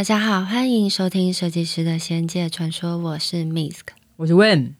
大家好，歡迎收聽《設計師的仙界傳說》，我是，我是 Misk，我是 Wen，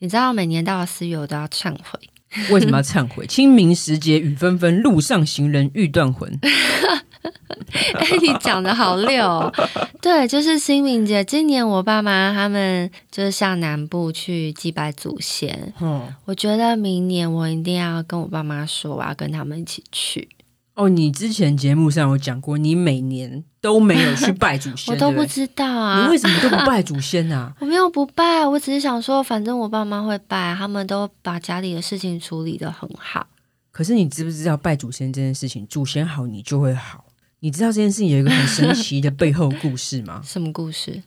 你知道每年到了四月我都要懺悔， 為什麼要懺悔？清明時節雨紛紛，路上行人欲斷魂。哎、 欸，你講得好溜哦。 對，就是清明節，今年我爸媽他們就是上南部去祭拜祖先。嗯，我覺得明年我一定要跟我爸媽說，我要跟他們一起去。哦，你之前節目上有講過，你每年都沒有去拜祖先， 我都不知道啊，對不對！你為什麼都不拜祖先呢、啊？ 我沒有不拜，我只是想說，反正我爸媽會拜，他們都把家裡的事情處理得很好。可是你知不知道拜祖先這件事情，祖先好你就會好？你知道這件事情有一個很神奇的背後故事嗎？ 什麼故事？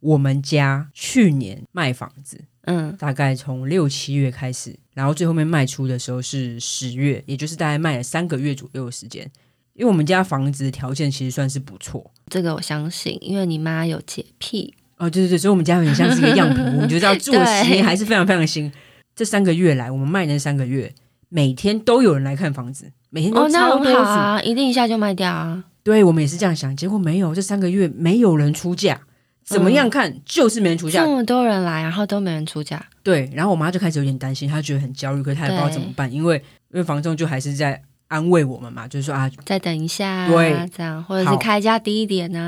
我們家去年賣房子，嗯，大概從六七月開始。然後最後面賣出的時候是十月，也就是大概賣了三個月左右的時間。因為我們家房子的條件其實算是不錯，這個我相信，因為你媽有潔癖。哦，對對對，所以我們家很像是一個樣品， 我覺得做新還是非常非常的新。這三個月來，我們賣那三個月，每天都有人來看房子，每天都。哦，那很好啊，一定一下就賣掉啊。對，我們也是這樣想，結果沒有，這三個月沒有人出價。怎麼樣看就是沒人出價，那、嗯、麼多人來，然後都沒人出價。對，然後我媽就開始有點擔心，她覺得很焦慮，可是她也不知道怎麼辦，因為因為房仲就還是在安慰我們嘛，就是說啊，再等一下、啊，對這樣，或者是開價低一點呢、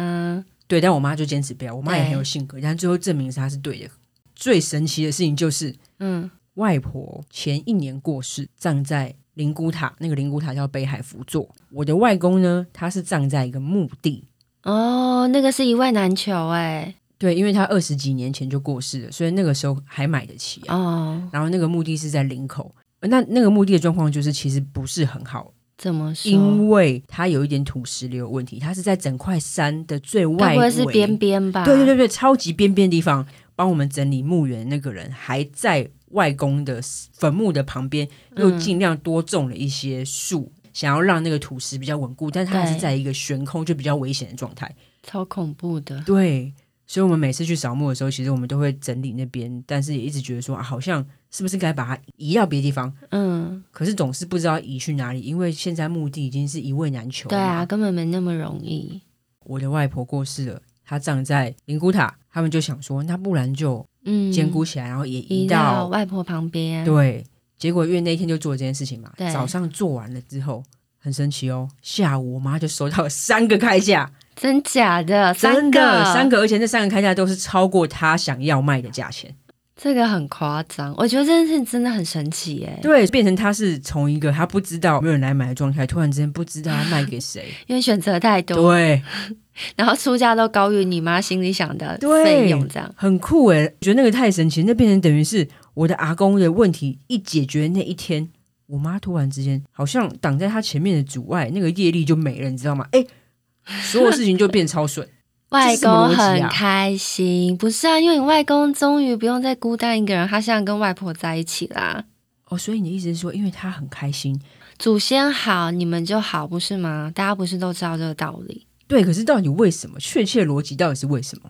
啊。對，但我媽就堅持不要，我媽也很有性格，然後最後證明是她是對的。最神奇的事情就是，嗯，外婆前一年過世，葬在靈骨塔，那個靈骨塔叫北海福座。我的外公呢，他是葬在一個墓地。哦、oh，那個是一位難求。哎，對，因為他二十幾年前就過世了，所以那個時候還買得起哦、啊。Oh. 然後那個墓地是在林口，那那個墓地的狀況就是其實不是很好，怎麼說？因為它有一點土石流問題，它是在整塊山的最外圍，大概是邊邊吧。對對對對，超級邊邊的地方。幫我們整理墓園那個人還在外公的墳墓的旁邊，又儘量多種了一些樹。嗯想要讓那個土石比較穩固，但它還是在一個懸空就比較危險的狀態，超恐怖的。對，所以，我們每次去掃墓的時候，其實我們都會整理那邊，但是也一直覺得說，啊，好像是不是該把它移到別的地方？嗯，可是總是不知道移去哪裡，因為現在墓地已經是一位難求。對啊，根本沒那麼容易。我的外婆過世了，她葬在靈骨塔，他們就想說，那不然就嗯堅固起來、嗯，然後也移到，移到外婆旁邊。對。結果因為那天就做這件事情嘛對，早上做完了之後，很神奇哦。下午我媽就收到了三個開價，真假的，三個，真的三個，而且這三個開價都是超過她想要賣的價錢。這個很誇張，我覺得這件事情真的很神奇哎。對，變成她是從一個她不知道沒有人來買的狀態，突然之間不知道要賣給誰，因為選擇太多。對， 然後出價都高於你媽心裡想的費用，這樣對很酷誒。我覺得那個太神奇，那變成等於是。我的阿公的問題一解決那一天，我媽突然之間好像擋在他前面的阻礙，那個業力就沒了，你知道嗎？誒、欸，所有事情就變超順、 啊，外公很開心，不是啊？因為你外公終於不用再孤單一個人，他現在跟外婆在一起啦。哦，所以你的意思是說，因為他很開心，祖先好，你們就好，不是嗎？大家不是都知道這個道理？對，可是到底為什麼？確切邏輯到底是為什麼？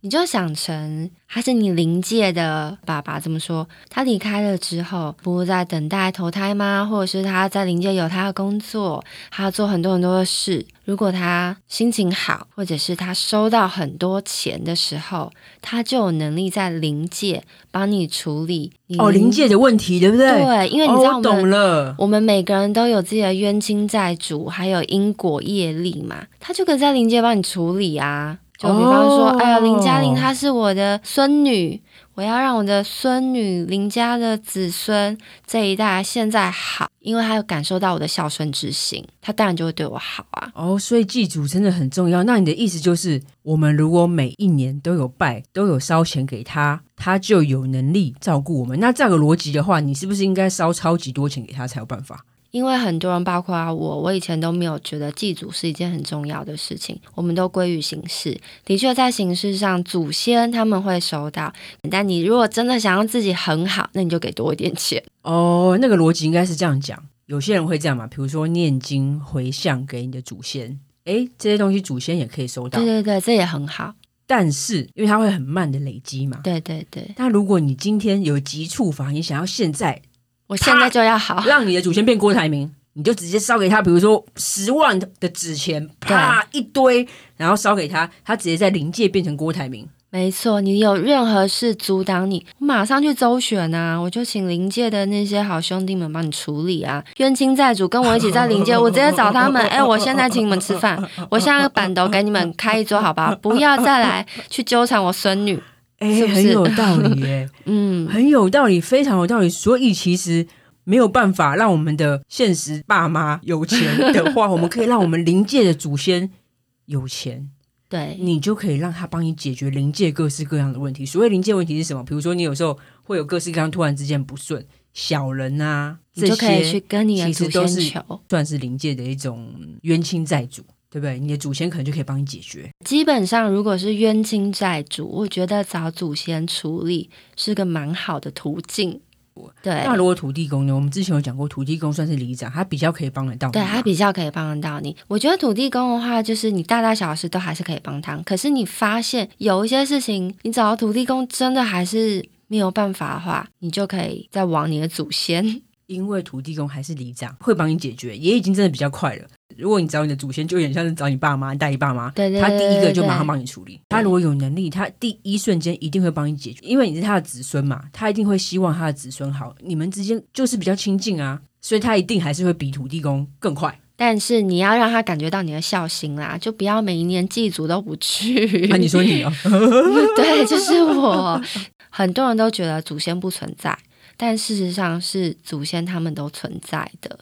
你就想成他是你靈界的爸爸，這麼說，他離開了之後，不是在等待投胎嗎？或者是他在靈界有他的工作，他要做很多很多的事。如果他心情好，或者是他收到很多錢的時候，他就有能力在靈界幫你處理哦，靈界的問題，對不對？對，因為你知道我、哦，我懂了，我們我們每個人都有自己的冤親債主，還有因果業力嘛，他就可以在靈界幫你處理啊。就比方說，oh, 哎呀，林嘉玲她是我的孫女，oh. 我要讓我的孫女林家的子孫這一代現在好，因為她有感受到我的孝順之心，她當然就會對我好啊。哦、oh,，所以祭祖真的很重要。那你的意思就是，我們如果每一年都有拜，都有燒錢給他，他就有能力照顧我們。那這個邏輯的話，你是不是應該燒超級多錢給他才有辦法？因為很多人，包括啊我，我以前都沒有覺得祭祖是一件很重要的事情，我們都歸於形式。的確，在形式上，祖先他們會收到。但你如果真的想要自己很好，那你就給多一點錢。哦，那個邏輯應該是這樣講。有些人會這樣嘛，比如說念經回向給你的祖先，哎，這些東西祖先也可以收到。對對對，這也很好。但是，因為它會很慢的累積嘛。對對對。那如果你今天有急處法，你想要現在。我現在就要好，讓你的祖先變郭台銘， 你就直接燒給他，比如說十萬的紙錢，啪一堆，然後燒給他，他直接在靈界變成郭台銘。沒錯，你有任何事阻擋你，我馬上去周旋吶，我就請靈界的那些好兄弟們幫你處理啊。冤親債主跟我一起在靈界， 我直接找他們，哎、欸，我現在請你們吃飯，我現在板凳給你們開一桌，好不好？不要再來去糾纏我孫女。哎、欸，很有道理，哎、欸， 嗯，很有道理，非常有道理。所以其實沒有辦法讓我們的現實爸媽有錢的話， 我們可以讓我們靈界的祖先有錢。對，你就可以讓他幫你解決靈界各式各樣的問題。所謂靈界問題是什麼？比如說你有時候會有各式各樣突然之間不順，小人啊，這些其實都是算是靈界的一種冤親債主。對不對？你的祖先可能就可以幫你解決。基本上，如果是冤親債主，我覺得找祖先處理是個蠻好的途徑。對。那如果土地公呢？我們之前有講過，土地公算是里長，他比較可以幫得到你。對，他比較可以幫得到你。我覺得土地公的話，就是你大大小小事都還是可以幫他。可是你發現有一些事情，你找到土地公真的還是沒有辦法的話，你就可以再往你的祖先。因為土地公還是里長，會幫你解決。也已經真的比較快了。如果你找你的祖先，就有點像是找你爸媽、帶你爸媽。對，對，對，對，對，他第一個就馬上幫你處理。他如果有能力，他第一瞬間一定會幫你解決，因為你是他的子孫嘛，他一定會希望他的子孫好。你們之間就是比較親近啊，所以他一定還是會比土地公更快。但是你要讓他感覺到你的孝心啦，就不要每一年祭祖都不去。那你說你哦？對，就是我。 很多人都覺得祖先不存在。但事實上是祖先他們都存在的，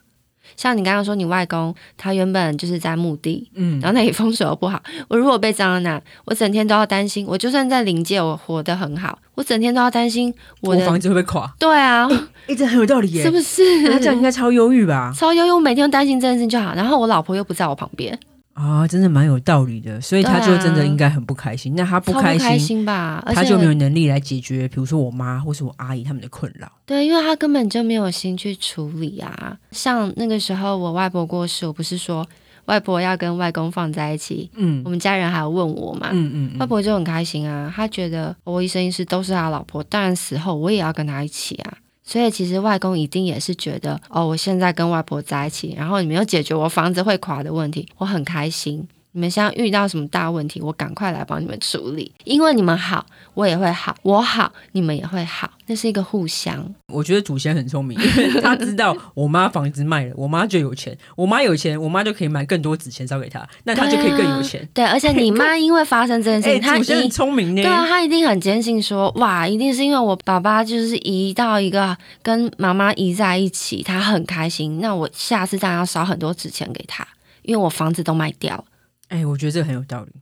像你剛剛說，你外公他原本就是在墓地，嗯，然後那裡風水又不好。我如果被葬了那，我整天都要擔心。我就算在靈界，我活得很好，我整天都要擔心我。我的房子會不會垮？對啊，欸、欸，一直很有道理耶，欸。是不是？那這樣應該超憂鬱吧？超憂鬱，我每天都擔心這件事就好。然後我老婆又不在我旁邊。啊，真的蠻有道理的，所以他就真的應該很不開心。啊，那他不開心，不開心吧，他就沒有能力來解決，比如說我媽或是我阿姨他們的困擾。對，因為他根本就沒有心去處理啊。像那個時候我外婆過世，我不是說外婆要跟外公放在一起，嗯，我們家人還要問我嘛，嗯嗯、嗯，外婆就很開心啊，她覺得我一生一世都是他老婆，當然死後我也要跟他一起啊。所以其實外公一定也是覺得，哦，我現在跟外婆在一起，然後你們又解決我房子會垮的問題，我很開心。你們現在遇到什麼大問題？我趕快來幫你們處理，因為你們好，我也會好；我好，你們也會好。那是一個互相。我覺得祖先很聰明，他知道我媽房子賣了， 我媽就有錢；我媽有錢，我媽就可以買更多紙錢燒給他，那他就可以更有錢。對啊，對，而且你媽因為發生這件事情，祖先很聰明的。對啊，他一定很堅信說，哇，一定是因為我爸爸就是移到一個跟媽媽移在一起，他很開心。那我下次當然要燒很多紙錢給他，因為我房子都賣掉了。哎、欸，我覺得這個很有道理。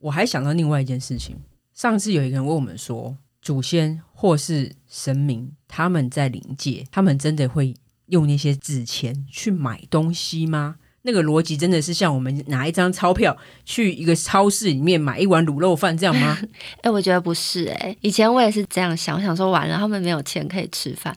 我還想到另外一件事情，上次有一個人問我們說，祖先或是神明，他們在靈界，他們真的會用那些紙錢去買東西嗎？那個邏輯真的是像我們拿一張鈔票去一個超市裡面買一碗滷肉飯這樣嗎？哎 、欸，我覺得不是、欸。哎，以前我也是這樣想，我想說完了，他們沒有錢可以吃飯。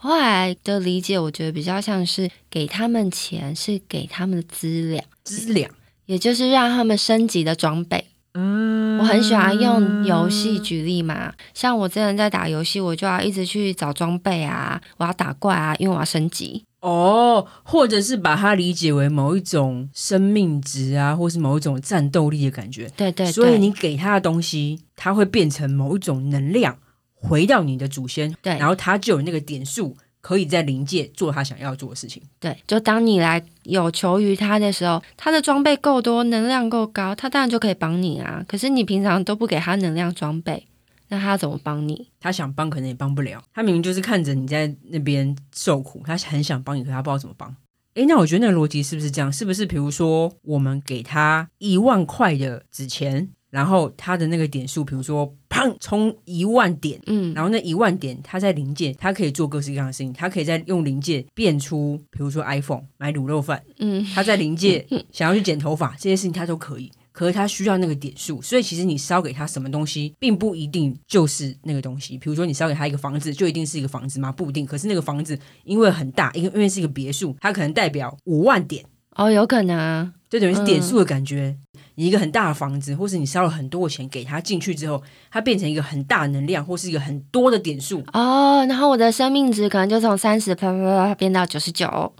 後來的理解，我覺得比較像是給他們錢，是給他們的資糧，資糧。也就是讓他們升級的裝備，嗯，我很喜歡用遊戲舉例嘛，像我之前在打遊戲，我就要一直去找裝備啊，我要打怪啊，因為我要升級哦，或者是把它理解為某一種生命值啊，或是某一種戰鬥力的感覺，對對，對，所以你給他的東西，他會變成某一種能量回到你的祖先，對，然後他就有那個點數。可以在靈界做他想要做的事情。對，就當你來有求於他的時候，他的裝備夠多，能量夠高，他當然就可以幫你啊。可是你平常都不給他能量裝備，那他怎麼幫你？他想幫，可能也幫不了。他明明就是看着你在那邊受苦，他很想幫你，可他不知道怎麼幫。誒，那我覺得那個邏輯是不是這樣？是不是比如說，我們給他一萬塊的紙錢？然後他的那個點數，比如說砰，充一萬點，嗯，然後那一萬點他在靈界，他可以做各式各樣的事情，他可以在用靈界變出，比如說 iPhone，買滷肉飯，嗯，他在靈界 想要去剪頭髮，這些事情他都可以，可是他需要那個點數，所以其實你燒給他什麼東西，並不一定就是那個東西，比如說你燒給他一個房子，就一定是一個房子嗎？不一定，可是那個房子因為很大，因為是一個別墅，它可能代表五萬點，哦，有可能啊，就等於是點數的感覺。嗯你一個很大的房子，或是你燒了很多錢給他進去之後，它變成一個很大能量，或是一個很多的點數哦。Oh, 然後我的生命值可能就從三十啪啪啪變到九十九哦。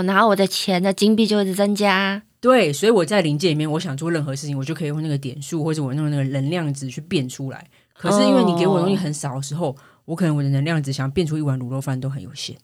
Oh, 然後我的錢的金幣就會增加。對，所以我在靈界裡面，我想做任何事情，我就可以用那個點數，或者我用那個能量值去變出來。可是因為你給我的東西很少的時候，Oh. 我可能我的能量值想變出一碗滷肉飯都很有限。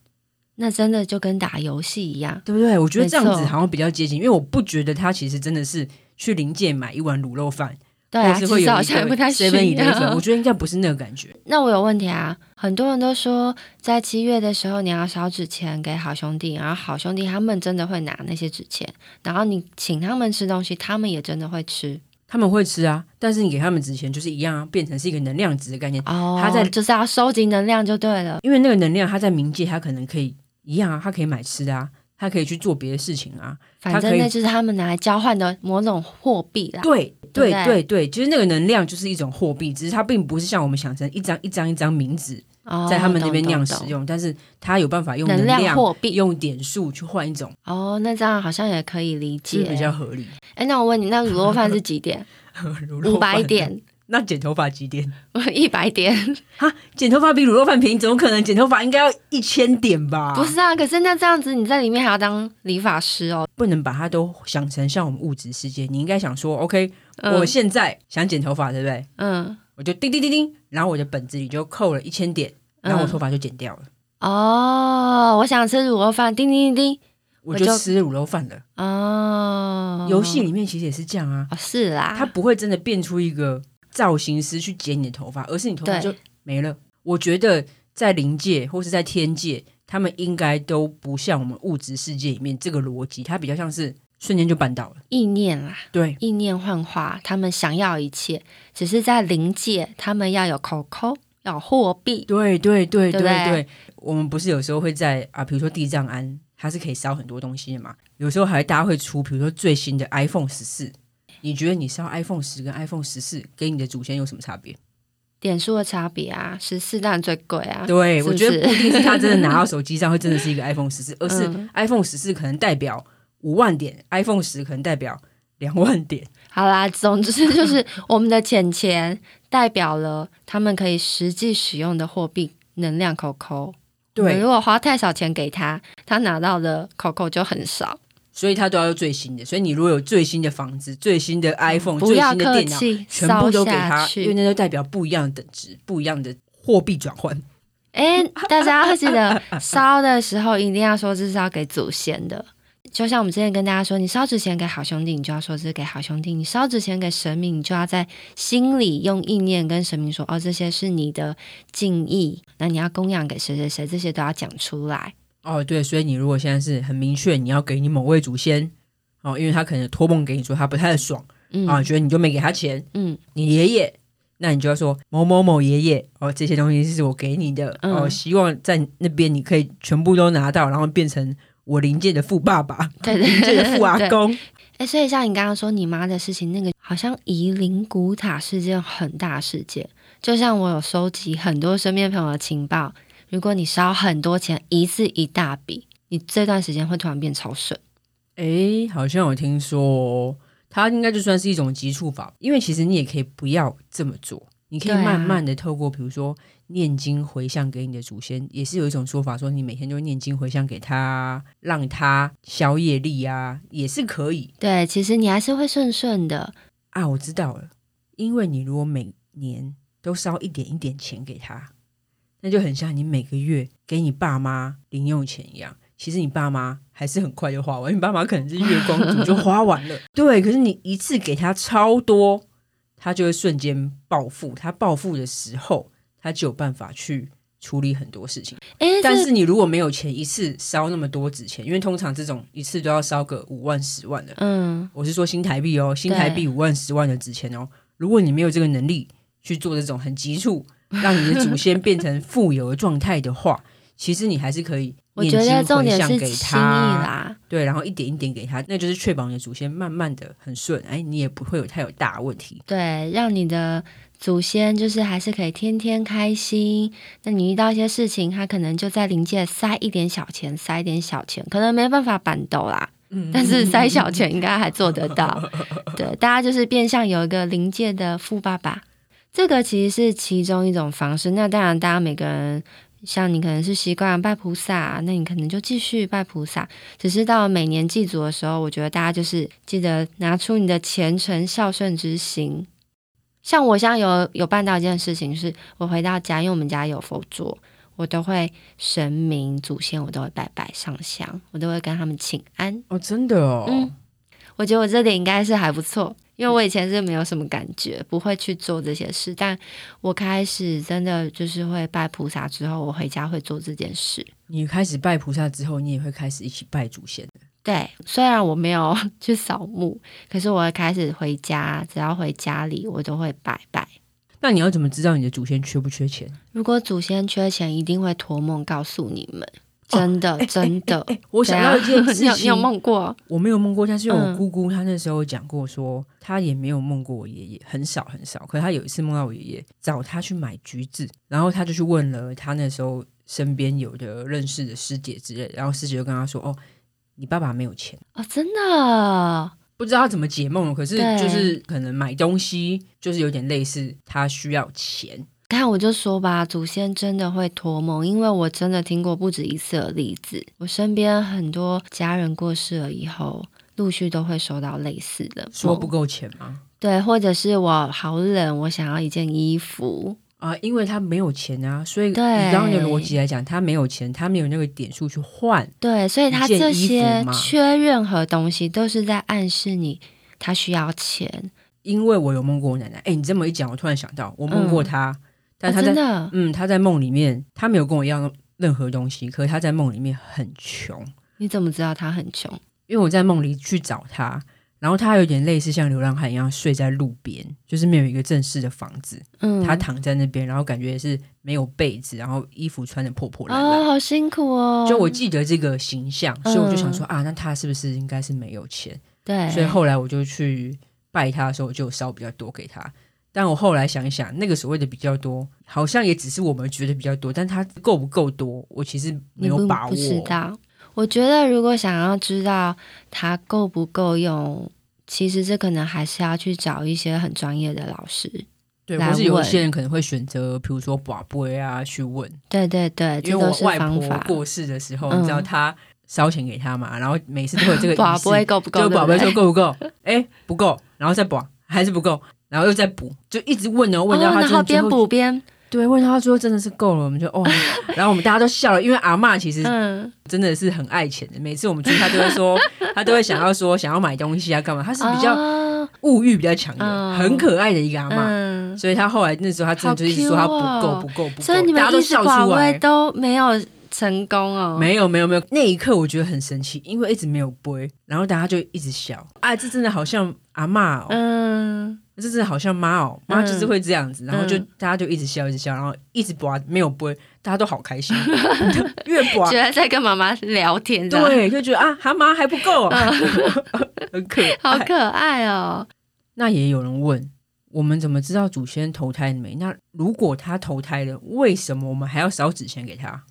那真的就跟打遊戲一樣，對不對？我覺得這樣子好像比較接近，因為我不覺得它其實真的是。去靈界買一碗滷肉飯，還、啊、是會有誰？誰跟你那個？我覺得應該不是那個感覺。那我有問題啊！很多人都說，在七月的時候你要燒紙錢給好兄弟，然後好兄弟他們真的會拿那些紙錢，然後你請他們吃東西，他們也真的會吃。他們會吃啊，但是你給他們紙錢就是一樣、啊，變成是一個能量值的概念。哦、oh，他在就是要收集能量就對了，因為那個能量他在冥界，他可能可以一樣啊，他可以買吃的啊。他可以去做別的事情啊，他可以，反正那就是他們拿來交換的某種貨幣啦，對對對。對對對對，其、就、實、是、那個能量就是一種貨幣，只是它並不是像我們想成一張一張一張冥紙，在他們那邊那樣使用、哦，但是他有辦法用能量，能量貨幣用點數去換一種。哦，那這樣好像也可以理解，就是、比較合理。哎、欸，那我問你，那滷肉飯是幾點？五 百點。 那剪頭髮幾點？一 百點哈， 剪頭髮比滷肉飯便宜，怎麼可能？剪頭髮應該要一千點吧？不是啊，可是那這樣子你在裡面還要當理髮師哦，不能把它都想成像我們物質世界。你應該想說，OK，、嗯、我現在想剪頭髮，對不對？嗯，我就叮叮叮叮，然後我的本子裡就扣了一千點，然後我頭髮就剪掉了，嗯。哦，我想吃滷肉飯，叮叮叮叮，我就，我就吃滷肉飯了。哦，遊戲裡面其實也是這樣啊，哦，是啊，它不會真的變出一個。造型師去剪你的頭髮，而是你頭髮就沒了。我覺得在靈界或是在天界，他們應該都不像我們物質世界裡面這個邏輯，它比較像是瞬間就辦到了意念啦。對，意念幻化，他們想要一切，只是在靈界，他們要有口口，要有貨幣。對對對對對,對,對對對，我們不是有時候會在啊，比如說地藏庵，它是可以燒很多東西的嘛，有時候還大家會出，比如說最新的 iPhone 十四。你覺得你燒 iPhone 十跟 iPhone 十四給你的祖先有什麼差別？點數的差別啊，十四當然最貴啊。對是是，我覺得不一定是他真的拿到手機上會真的是一個 iPhone 十四，而是 iPhone 十四可能代表五萬點、嗯、，iPhone 十可能代表兩萬點。好啦，總之就是我們的錢錢代表了他們可以實際使用的貨幣能量 COCO。Coco，對，如果花太少錢給他，他拿到的 Coco 就很少。所以他都要最新的，所以你如果有最新的房子、最新的 iPhone、嗯、不要客氣、最新的電腦，燒下去。全部都給他，因為那就代表不一樣的等值、不一樣的貨幣轉換。哎，大家記得、啊啊啊、燒的時候一定要說這是要給祖先的，就像我們之前跟大家說，你燒紙錢給好兄弟，你就要說這是給好兄弟；你燒紙錢給神明，你就要在心裡用意念跟神明說，哦，這些是你的敬意，那你要供養給誰誰誰，這些都要講出來。哦，對，所以你如果現在是很明確你要給你某位祖先哦，因為他可能託夢給你說他不太爽，啊、嗯哦，覺得你就沒給他錢，嗯，你爺爺，那你就要說某某某爺爺哦，這些東西是我給你的、嗯、哦，希望在那邊你可以全部都拿到，然後變成我靈界的富爸爸，對，對，靈界的富阿公。哎，所以像你剛剛說你媽的事情，那個好像夷陵古塔是件很大事件，就像我有收集很多身邊朋友的情報。如果你燒很多錢，一次一大筆，你這段時間會突然變超順。誒、欸,好像我聽說，它應該就算是一種急促法，因為其實你也可以不要這麼做，你可以慢慢的透過啊，比如說念經回向給你的祖先，也是有一種說法說你每天就念經回向給他，讓他消業力啊，也是可以。對，其實你還是會順順的。啊，我知道了，因為你如果每年都燒一點一點錢給他。那就很像你每個月給你爸媽零用錢一樣，其實你爸媽還是很快就花完，你爸媽可能是月光族就花完了。 對，可是你一次給他超多，他就會瞬間暴富。他暴富的時候，他就有辦法去處理很多事情。哎，但是你如果沒有錢，一次燒那麼多紙錢，因為通常這種一次都要燒個五萬、十萬的。嗯，我是說新台幣哦，新台幣五萬、十萬的紙錢哦。如果你沒有這個能力去做這種很急促。讓你的祖先變成富有的狀態的話， 其實你還是可以。我覺得重點是心意啦，對，然後一點一點給他，那就是確保你的祖先慢慢的很順，哎，你也不會有太有大問題。對，讓你的祖先就是還是可以天天開心。那你遇到一些事情，他可能就在靈界塞一點小錢，塞一點小錢，可能沒辦法板豆啦，嗯 但是塞小錢應該還做得到。 對，大家就是變相有一個靈界的富爸爸。這個其實是其中一種方式。那當然，大家每個人，像你可能是習慣拜菩薩，那你可能就繼續拜菩薩。只是到每年祭祖的時候，我覺得大家就是記得拿出你的虔誠孝順之心。像我像有有辦到一件事情，就是我回到家，因為我們家有佛桌，我都會神明祖先，我都會拜拜上香，我都會跟他們請安。哦，真的哦？嗯，我覺得我這點應該是還不錯。因為我以前是沒有什麼感覺，不會去做這些事。但我開始真的就是會拜菩薩之後，我回家會做這件事。你開始拜菩薩之後，你也會開始一起拜祖先。對，雖然我沒有去掃墓，可是我開始回家，只要回家裡，我都會拜拜。那你要怎麼知道你的祖先缺不缺錢？如果祖先缺錢，一定會托夢告訴你們。真、哦、的，真的。欸真的欸欸欸、我想到一件事情。啊，你有夢過？啊？我沒有夢過，但是我姑姑她那時候講過說，說、嗯、她也沒有夢過我爺爺，很少很少。可是她有一次夢到我爺爺找她去買橘子，然後她就去問了她那時候身邊有的認識的師姐之類，然後師姐就跟她說：“哦，你爸爸沒有錢啊、哦！”真的，不知道怎麼解夢，可是就是可能買東西就是有點類似，她需要錢。看，我就說吧，祖先真的會託夢，因為我真的聽過不止一次的例子。我身邊很多家人過世了以後，陸續都會收到類似的。說不夠錢嗎？對，或者是我好冷，我想要一件衣服啊、呃，因為他沒有錢啊，所以以這樣的邏輯來講，他沒有錢，他沒有那個點數去換。對，所以他這些缺任何東西都是在暗示你，他需要錢。因為我有夢過我奶奶，哎、欸，你這麼一講，我突然想到，我夢過她。嗯但他在、啊、真的嗯，他在夢裡面，他沒有跟我要任何東西，可是他在夢裡面很窮。你怎麼知道他很窮？因為我在夢裡去找他，然後他有點類似像流浪漢一樣睡在路邊，就是沒有一個正式的房子，嗯，他躺在那邊，然後感覺是沒有被子，然後衣服穿的破破爛爛、哦，好辛苦哦。就我記得這個形象，所以我就想說、嗯、啊，那他是不是應該是沒有錢？對，所以後來我就去拜他的時候，就燒比較多給他。但我後來想一想，那個所謂的比較多，好像也只是我們覺得比較多，但它夠不夠多，我其實沒有把握。不，不知道，我覺得如果想要知道它夠不夠用，其實這可能還是要去找一些很專業的老師來問。對，不是有些人可能會選擇，比如說跋杯啊去問。對對對，因為我外婆過世的時候，嗯、你知道他燒錢給他嘛，然後每次都有這個跋杯 夠不夠？這個跋杯說夠不夠？哎、 欸，不夠，然後再跋，還是不夠。然後又在補，就一直問，然後問到他之後，就、哦、邊補邊對，問到他之後真的是夠了，我們就哦， 然後我們大家都笑了，因為阿嬤其實真的是很愛錢的、嗯，每次我們去他都會說， 他都會想要說想要買東西啊幹嘛，他是比較物欲比較強的，哦、很可愛的一個阿嬤、嗯，所以他後來那時候他真的就一直說他不夠不夠不夠，不夠，所以你們大家都笑出來都沒有成功哦。沒有沒有沒有，那一刻我覺得很神奇，因為一直沒有杯，然後大家就一直笑，哎、啊，這真的好像阿嬤、哦，嗯。這真的好像媽哦，媽就是會這樣子，嗯、然後就大家就一直笑，一直笑，然後一直播，沒有播，大家都好開心。 越播覺得在跟媽媽聊天，對，就覺得啊，她媽還不夠，啊， 很可愛好可愛哦。那也有人問，我們怎麼知道祖先投胎了沒？那如果他投胎了，為什麼我們還要燒紙錢給他？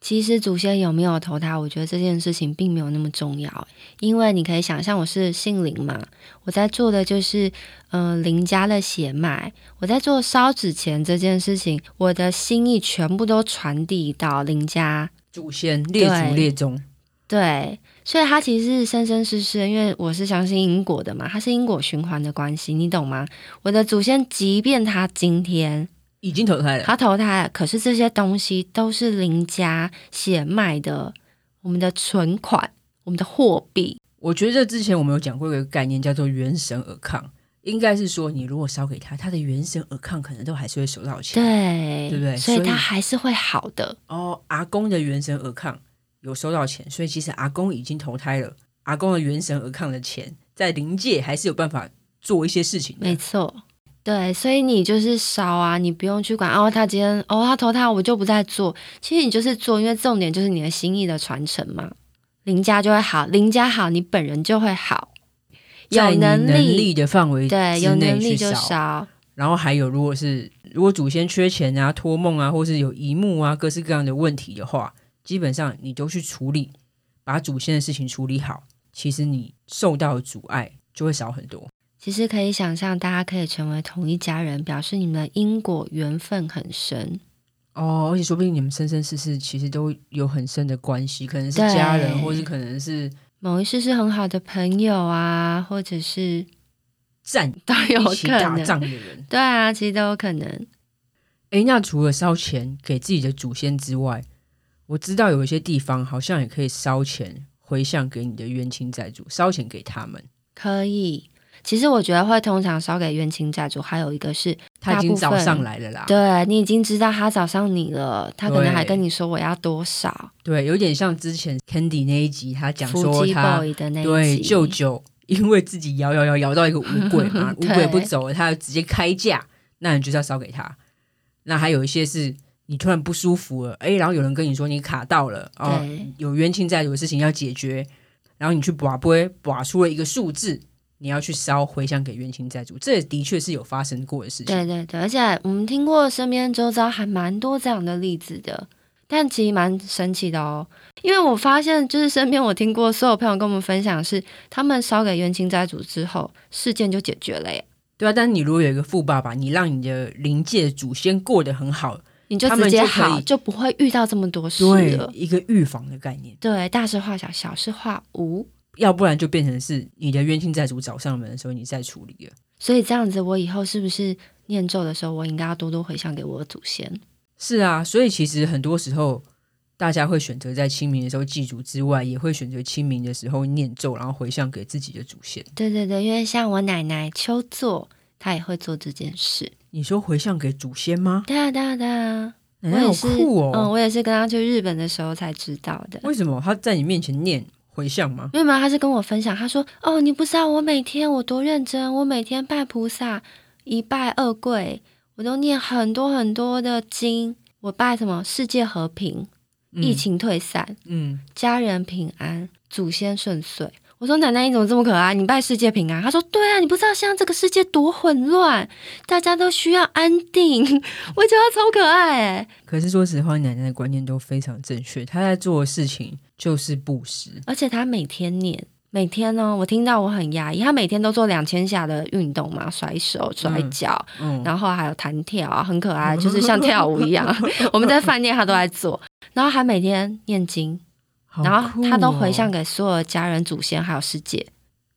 其實祖先有沒有投胎，我覺得這件事情並沒有那麼重要，因為你可以想象我是姓林嘛，我在做的就是嗯、呃、林家的血脈，我在做燒紙錢這件事情，我的心意全部都傳遞到林家祖先列祖列宗，對，對，所以他其實是生生世世，因為我是相信因果的嘛，他是因果循環的關係，你懂嗎？我的祖先，即便他今天。已經投胎了，他投胎了。可是這些東西都是靈界血賣的，我們的存款，我們的貨幣。我覺得之前我們有講過一個概念，叫做元神爾抗，應該是說你如果燒給他，他的元神爾抗可能都還是會收到錢，對，對不對？所以，所以他還是會好的。哦，阿公的元神爾抗有收到錢，所以其實阿公已經投胎了。阿公的元神爾抗的錢在靈界還是有辦法做一些事情的。沒錯。對，所以你就是燒啊，你不用去管哦。他今天哦，他投胎，我就不再做，其實你就是做，因為重點就是你的心意的傳承嘛。鄰家就會好，鄰家好，你本人就會好。有能力的範圍，對，有能力就燒。然後還有，如果是如果祖先缺錢啊、託夢啊，或是有遺墓啊、各式各樣的問題的話，基本上你都去處理，把祖先的事情處理好，其實你受到的阻礙就會少很多。其實可以想象，大家可以成為同一家人，表示你們的因果緣分很深哦。而且說不定你們生生世世其實都有很深的關係，可能是家人，或者可能是某一世是很好的朋友啊，或者是戰可能、打一起打仗的人。 對啊，其實都有可能。哎，那除了燒錢給自己的祖先之外，我知道有一些地方好像也可以燒錢回向給你的冤親債主，燒錢給他們可以。其實我覺得會通常燒給冤親債主，還有一個是他已經找上來了啦。對，你已經知道他找上你了，他可能還跟你說我要多少。對，有點像之前 Candy 那一集，他講說他對舅舅因為自己搖搖搖搖到一個五鬼嘛， 對，五鬼不走，他就直接開價，那你就是要燒給他。那還有一些是你突然不舒服了，誒，然後有人跟你說你卡到了，哦，有冤親債主的事情要解決，然後你去跋杯跋杯，跋出了一個數字。你要去燒迴向給冤親債主，這的確是有發生過的事情。對對對，而且我們聽過身邊周遭還蠻多這樣的例子的，但其實蠻神奇的哦。因為我發現，就是身邊我聽過所有朋友跟我們分享是，是他們燒給冤親債主之後，事件就解決了耶。對啊，但你如果有一個富爸爸，你讓你的靈界的祖先過得很好，你就直接好，就，就不會遇到這麼多事了。一個預防的概念，對，大事化小，小事化無。要不然就變成是你的冤親債主找上門的時候，你再處理了。所以這樣子，我以後是不是念咒的時候，我應該要多多迴向給我的祖先？是啊，所以其實很多時候，大家會選擇在清明的時候祭祖之外，也會選擇清明的時候念咒，然後迴向給自己的祖先。對對對，因為像我奶奶秋作，她也會做這件事。你說迴向給祖先嗎？對啊對啊對啊！奶奶好酷哦，我也是，嗯，我也是剛剛去日本的時候才知道的。為什麼她在你面前念？回向嗎？因為他是跟我分享，他說：“哦，你不知道我每天我多認真，我每天拜菩薩，一拜二跪，我都念很多很多的經。我拜什麼？世界和平，嗯、疫情退散，嗯，家人平安，祖先順遂。”我說：“奶奶，你怎麼這麼可愛？你拜世界平安？”他說：“對啊，你不知道現在這個世界多混亂，大家都需要安定。 ”我覺得超可愛欸。可是說實話，奶奶的觀念都非常正確，她在做的事情。就是布施，而且他每天念，每天呢、哦，我聽到我很壓抑。他每天都做兩千下的運動嘛，甩手、甩腳、嗯嗯，然後還有彈跳，很可愛，就是像跳舞一樣。 我們在飯店，他都在做，然後他每天念經，哦、然後他都回向給所有的家人、祖先還有世界。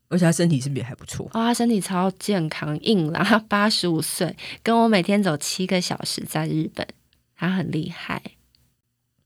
而且他身體是不是也還不錯？哇、哦，他身體超健康，硬朗，他八十五歲，跟我每天走七個小時，在日本，他很厲害。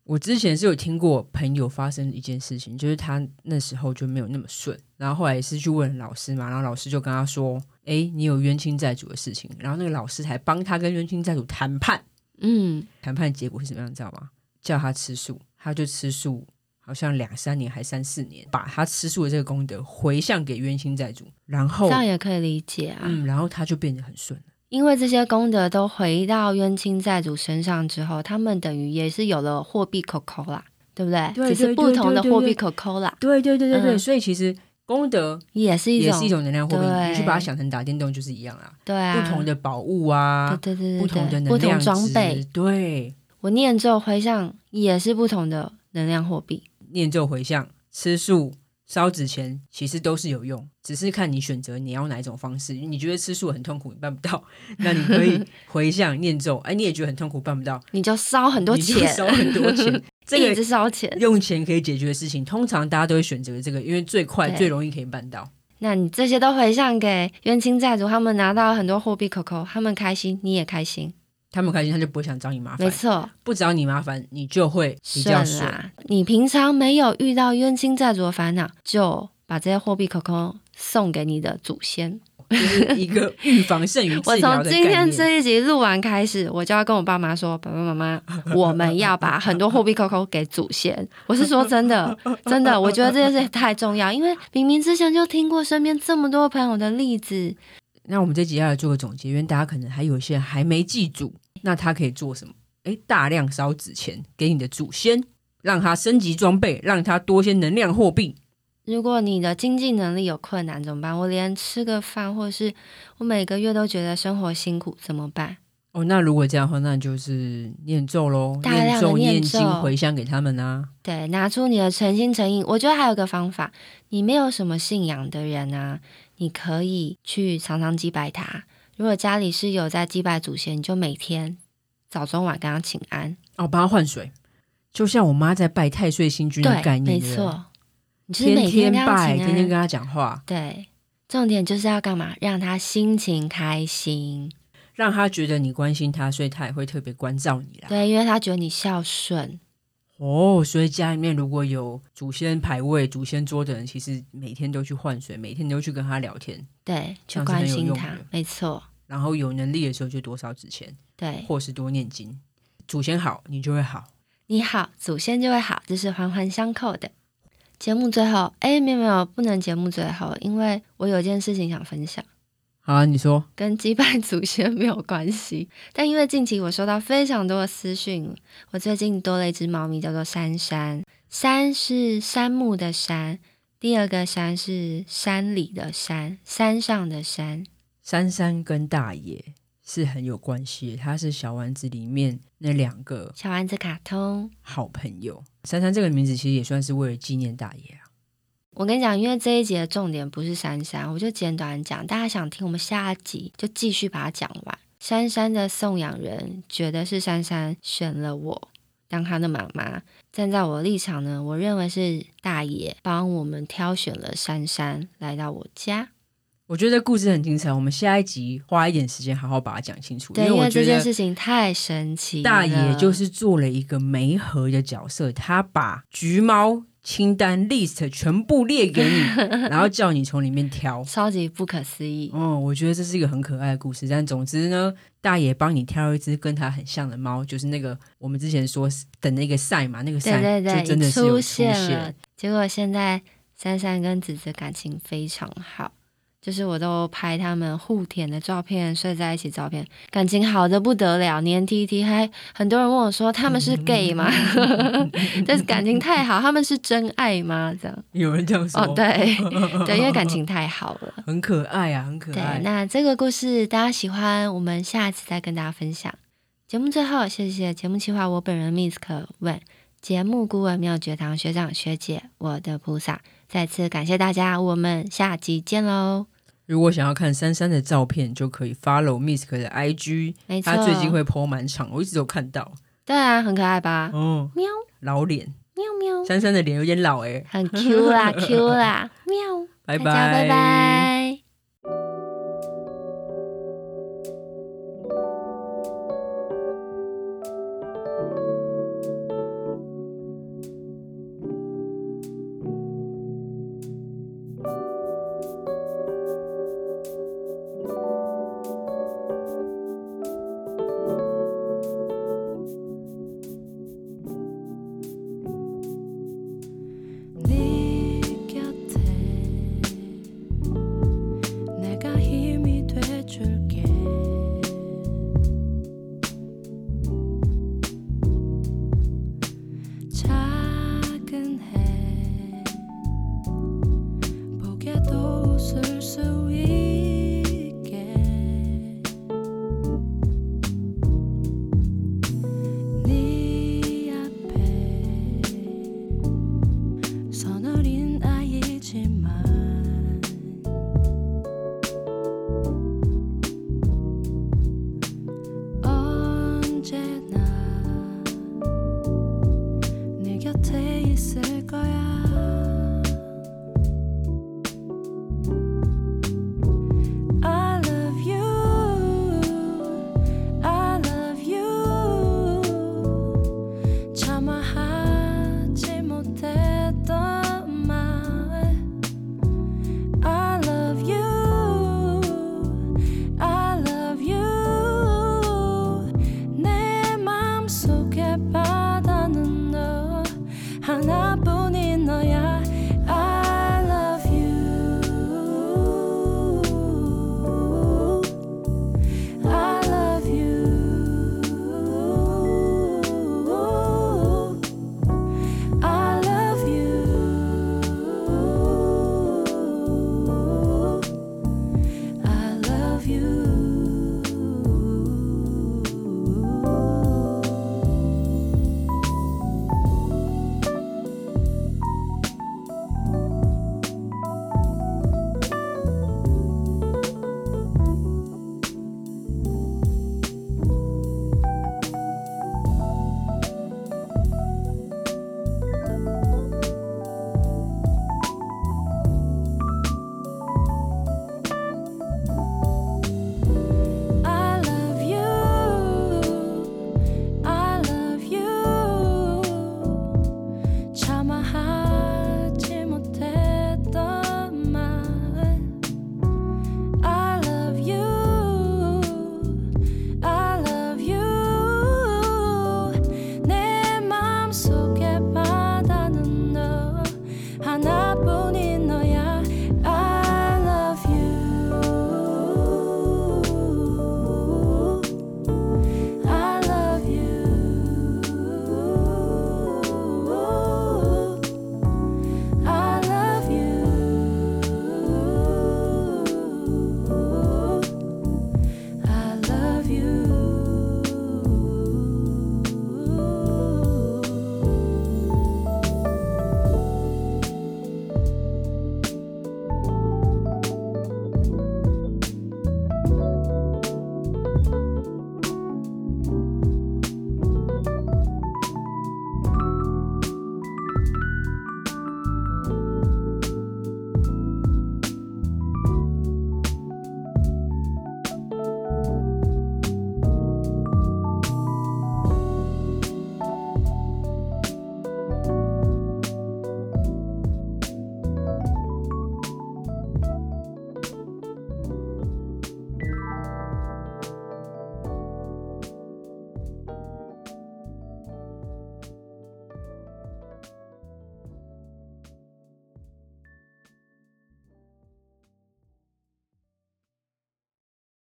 我之前是有聽過朋友發生一件事情，就是他那時候就沒有那麼順，然後後來也是去問老師嘛，然後老師就跟他說：“哎、欸，你有冤親債主的事情。”然後那個老師還幫他跟冤親債主談判。嗯，談判結果是什麼樣？你知道嗎？叫他吃素，他就吃素，好像兩三年還三四年，把他吃素的這個功德回向給冤親債主，然後這樣也可以理解啊。嗯，然後他就變得很順了。因為這些功德都回到冤親債主身上之後，他們等於也是有了貨幣可扣啦，對不對，對，對，對，對，對，對，對？只是不同的貨幣可扣啦。對對對對對，對、嗯，所以其實功德也是一種也是一種能量貨幣，你去把它想成打電動就是一樣啊。對啊，不同的寶物啊，對對對對不同的能量裝備。對，我念咒回向也是不同的能量貨幣，念咒回向吃素。燒紙錢其實都是有用，只是看你選擇你要哪一種方式。你覺得吃素很痛苦，辦不到，那你可以回向念咒。 哎，你也覺得很痛苦，辦不到，你就燒很多錢，你燒很多錢，也是燒錢。這個、用錢可以解決的事情，通常大家都會選擇這個，因為最快最容易可以辦到。那你這些都回向給冤親債主，他們拿到很多貨幣 coco，他們開心，你也開心。他們開心，他就不會想找你麻煩。沒錯，不找你麻煩，你就會省了。你平常沒有遇到冤親債主的煩惱，就把這些貨幣扣扣送給你的祖先，一個預防勝於治療的概念。 我從今天這一集錄完開始，我就要跟我爸媽說：“爸爸媽媽，我們要把很多貨幣扣扣給祖先。”我是說真的，真的，我覺得這件事也太重要，因為明明之前就聽過身邊這麼多朋友的例子。那我們這集要來做個總結，因為大家可能還有一些人還沒記住。那他可以做什麼？誒，大量燒紙錢給你的祖先，讓他升級裝備，讓他多些能量貨幣。如果你的經濟能力有困難怎麼辦？我連吃個飯，或是我每個月都覺得生活辛苦，怎麼辦？哦，那如果這樣的話，那就是念咒嘍，念咒念經迴向給他們啊。對，拿出你的誠心誠意。我覺得還有一個方法，你沒有什麼信仰的人啊，你可以去常常祭拜他。如果家裡是有在祭拜祖先，你就每天早中晚跟他請安哦，幫他換水，就像我媽在拜太歲星君的概念。沒錯。你天天拜，就是每天剛剛請安，天天跟他講話，對，重點就是要幹嘛？讓他心情開心，讓他覺得你關心他，所以他也會特別關照你啦。對，因為他覺得你孝順哦，所以家裡面如果有祖先牌位、祖先桌的人，其實每天都去換水，每天都去跟他聊天。對，就關心他，沒錯。然後有能力的時候就多燒紙錢，對，或是多念經，祖先好，你就會好。你好，祖先就會好，這是環環相扣的。節目最後，哎，沒有沒有，不能節目最後，因為我有件事情想分享。好，啊，你說，跟祭拜祖先沒有關係，但因為近期我收到非常多的私訊，我最近多了一只貓咪，叫做珊珊。山是山木的山。第二個山是山裡的山，山上的山。珊珊跟大爺是很有關係，他是小丸子裡面那兩個小丸子卡通好朋友。珊珊這個名字其實也算是為了紀念大爺啊。我跟你講，因為這一集的重點不是珊珊，我就簡短講。大家想聽我們下集就繼續把它講完。珊珊的送養人覺得是珊珊選了我。當他的媽媽站在我的立場呢，我認為是大爺幫我們挑選了珊珊來到我家。我覺得故事很精彩，我們下一集花一點時間好好把它講清楚。對，因為，我覺得因為這件事情太神奇了，大爺就是做了一個媒合的角色，他把橘貓。清單 list 全部列給你， 然後叫你從裡面挑，超級不可思議。嗯、哦，我覺得這是一個很可愛的故事。但總之呢，大爺幫你挑一隻跟他很像的貓，就是那個我們之前說的那個 sign 嘛，那個 sign 就真的是有出現，出現了。結果現在珊珊跟子子感情非常好。就是我都拍他們互舔的照片，睡在一起照片，感情好的不得了，黏踢踢嗨。很多人問我說他們是 gay 嗎？但、嗯、 是感情太好， 他們是真愛嗎？這樣有人這樣說。哦、oh,，對， 對，因為感情太好了。很可愛啊，很可愛。對，那這個故事大家喜歡，我們下次再跟大家分享。節目最後，謝謝節目企劃我本人 Misk 可問，節目顧問妙覺堂學長學姐，我的菩薩，再次感謝大家，我們下集見嘍。如果想要看珊珊的照片，就可以 follow Miss K 的 IG，她最近會 po 蠻常，我一直都看到。對啊，很可愛吧？嗯、哦，喵，老臉，喵喵。珊珊的臉有點老哎、欸，很 Q 啦 t Q 啦啊啊， 喵，拜拜。Bye bye